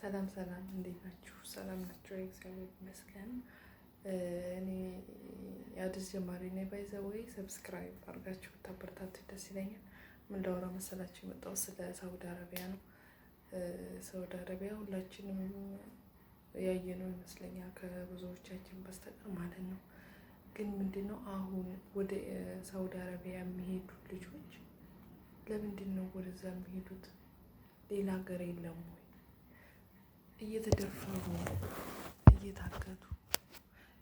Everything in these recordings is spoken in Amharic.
ሰላም ሰላም፣ እንዴት ናችሁ? ሰላም ናቸው። እግዚአብሔር ይመስገን። እኔ የአዲስ ጀማሪ ነ ባይዘ ወይ ሰብስክራይብ አድርጋችሁ ታበረታቱ ደስ ይለኛል። ምን ላወራ መሰላችሁ? የመጣው ስለ ሳውዲ አረቢያ ነው። ሳውዲ አረቢያ ሁላችንም ያየነው ይመስለኛል ከብዙዎቻችን በስተቀር ማለት ነው። ግን ምንድን ነው አሁን ወደ ሳውዲ አረቢያ የሚሄዱ ልጆች ለምንድን ነው ወደዛ የሚሄዱት? ሌላ ሀገር የለም ወይ እየተደፈሩ እየታገቱ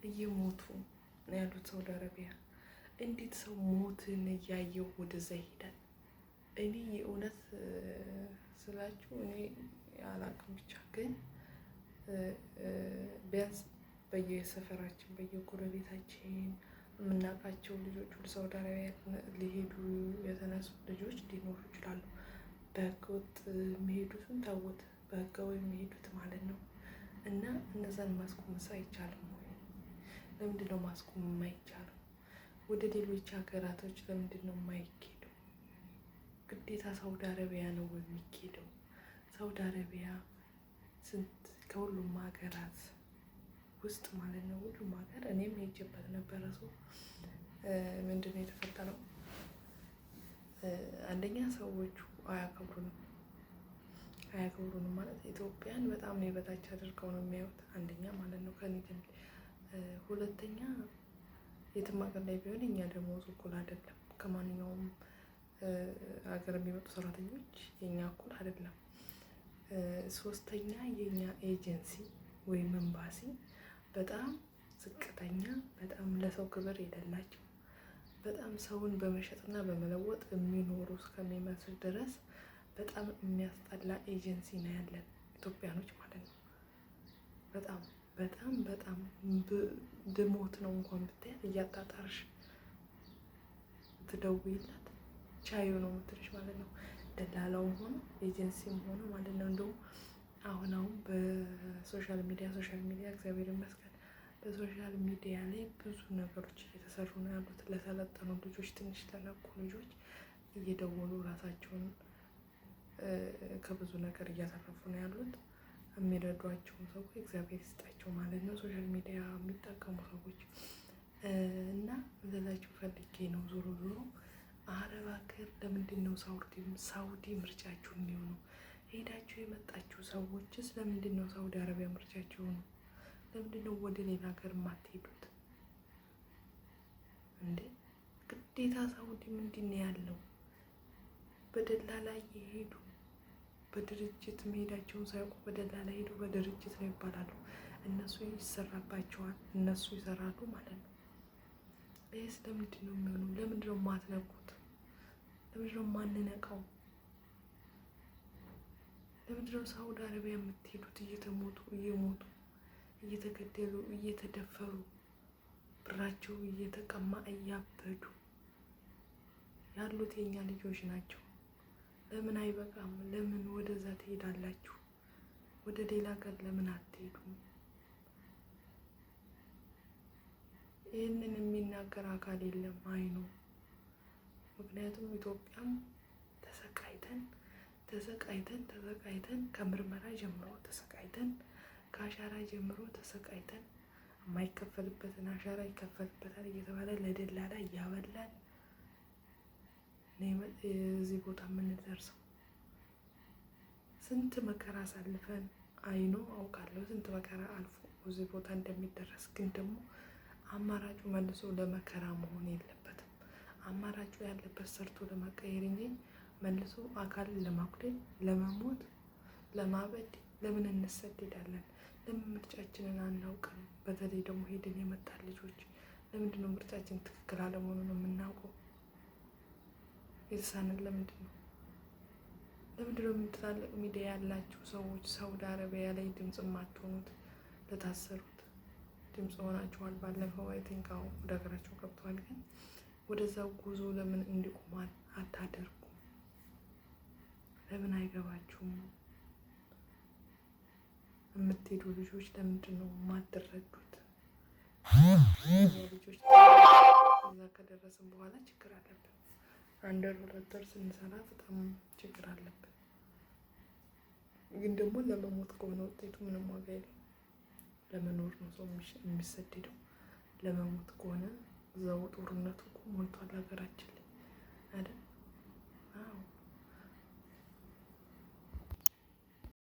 እየሞቱ ነው ያሉት ሳውዲ አረቢያ። እንዴት ሰው ሞትን እያየው ወደዛ ይሄዳል? እኔ የእውነት ስላችሁ እኔ አላቅም፣ ብቻ ግን ቢያንስ በየሰፈራችን በየጎረቤታችን የምናውቃቸው ልጆች ወደ ሳውዲ አረቢያ ሊሄዱ የተነሱ ልጆች ሊኖሩ ይችላሉ። በህገወጥ የሚሄዱትን ታወት በህጋዊ የሚሄዱት ማለት ነው። እና እነዛን ማስቆም አይቻልም ወይ? ለምንድን ነው ማስቆም የማይቻለው? ወደ ሌሎች ሀገራቶች ለምንድን ነው የማይኬደው? ግዴታ ሳውዲ አረቢያ ነው የሚኬደው። ሳውዲ አረቢያ ስንት ከሁሉም ሀገራት ውስጥ ማለት ነው። ሁሉም ሀገር እኔም ሄጄበት ነበረ። ሰው ምንድን ነው የተፈጠረው? አንደኛ ሰዎቹ አያከብሩንም። አያከብሩንም ማለት ኢትዮጵያን በጣም ነው የበታች አድርገው ነው የሚያዩት። አንደኛ ማለት ነው ከንግድ ሁለተኛ የትም ሀገር ላይ ቢሆን እኛ ደሞዝ እኩል አይደለም። ከማንኛውም ሀገር የሚመጡ ሰራተኞች የኛ እኩል አይደለም። ሶስተኛ የኛ ኤጀንሲ ወይም ኤምባሲ በጣም ዝቅተኛ፣ በጣም ለሰው ክብር የሌላቸው፣ በጣም ሰውን በመሸጥና በመለወጥ የሚኖሩ እስከሚመስል ድረስ በጣም የሚያስጠላ ኤጀንሲ ነው ያለን ኢትዮጵያኖች ማለት ነው። በጣም በጣም በጣም ድሞት ነው እንኳን ብታያት እያጣጣርሽ ትደውይላት ቻዩ ነው ምትልሽ ማለት ነው። ደላላውም ሆነ ኤጀንሲም ሆነ ማለት ነው። እንደውም አሁን አሁን በሶሻል ሚዲያ ሶሻል ሚዲያ እግዚአብሔር ይመስገን በሶሻል ሚዲያ ላይ ብዙ ነገሮች እየተሰሩ ነው ያሉት። ለሰለጠኑ ልጆች፣ ትንሽ ለነቁ ልጆች እየደወሉ ራሳቸውን ከብዙ ነገር እያተረፉ ነው ያሉት። የሚረዷቸውን ሰዎች እግዚአብሔር ይስጣቸው ማለት ነው። ሶሻል ሚዲያ የሚጠቀሙ ሰዎች እና መዘዛቸው ፈልጌ ነው። ዞሮ ዞሮ አረብ ሀገር ለምንድን ነው ሳውዲ ሳውዲ ምርጫችሁ የሚሆኑ? ሄዳችሁ የመጣችሁ ሰዎችስ ለምንድን ነው ሳውዲ አረቢያ ምርጫችሁ ነው? ለምንድን ነው ወደ ሌላ ሀገር ማትሄዱት እንዴ? ግዴታ ሳውዲ ምንድን ነው ያለው? በደላላ እየሄዱ በድርጅት መሄዳቸውን ሳያውቁ በደላላ ሄዱ በድርጅት ነው ይባላሉ። እነሱ ይሰራባቸዋል፣ እነሱ ይሰራሉ ማለት ነው። ይህስ ለምንድን ነው የሚሆኑ ለምንድን ነው የማትነቁት? ለምንድን ነው የማንነቃው? ለምንድን ነው ሳውዲ አረቢያ የምትሄዱት? እየተሞቱ እየሞቱ እየተገደሉ እየተደፈሩ ብራቸው እየተቀማ እያበዱ ያሉት የኛ ልጆች ናቸው። ለምን አይበቃም? ለምን ወደዛ ትሄዳላችሁ? ወደ ሌላ ሀገር ለምን አትሄዱም? ይህንን የሚናገር አካል የለም አይኑ። ምክንያቱም ኢትዮጵያም ተሰቃይተን ተሰቃይተን ተሰቃይተን ከምርመራ ጀምሮ ተሰቃይተን ከአሻራ ጀምሮ ተሰቃይተን የማይከፈልበትን አሻራ ይከፈልበታል እየተባለ ለደላላ እያበላን እዚህ ቦታ የምንደርሰው። ስንት መከራ አሳልፈን አይኖ አውቃለሁ፣ ስንት መከራ አልፎ እዚህ ቦታ እንደሚደረስ ግን ደግሞ አማራጩ መልሶ ለመከራ መሆን የለበትም። አማራጩ ያለበት ሰርቶ ለመቀየር እንጂ መልሶ አካል ለማጉደል፣ ለመሞት፣ ለማበድ ለምን እንሰደዳለን? ለምን ምርጫችንን አናውቅም? በተለይ ደግሞ ሄደን የመጣ ልጆች ለምንድነው ምርጫችን ትክክል አለመሆኑን የምናውቀው? የተሳነን ለምንድን ነው? ለምንድን ነው የምትላልቅ ሚዲያ ያላችሁ ሰዎች ሳውዲ አረቢያ ላይ ድምፅ የማትሆኑት? ለታሰሩት ድምፅ ሆናችኋል። ባለፈው አይ ቲንክ አሁን ወደ ሀገራቸው ገብተዋል። ግን ወደዛው ጉዞ ለምን እንዲቆማል አታደርጉም? ለምን አይገባችሁም? የምትሄዱ ልጆች ለምንድን ነው የማትረዱት? ልጆች እዛ ከደረስን በኋላ ችግር አለብን። አንድ ወር ሁለት ወር ስንሰራ በጣም ችግር አለብን። ግን ደግሞ ለመሞት ከሆነ ውጤቱ ምንም ዋጋ የለም። ለመኖር ነው ሰው የሚሰደደው። ለመሞት ከሆነ እዛው ጦርነቱ ሞልቷል ሀገራችን ላይ አይደል? አዎ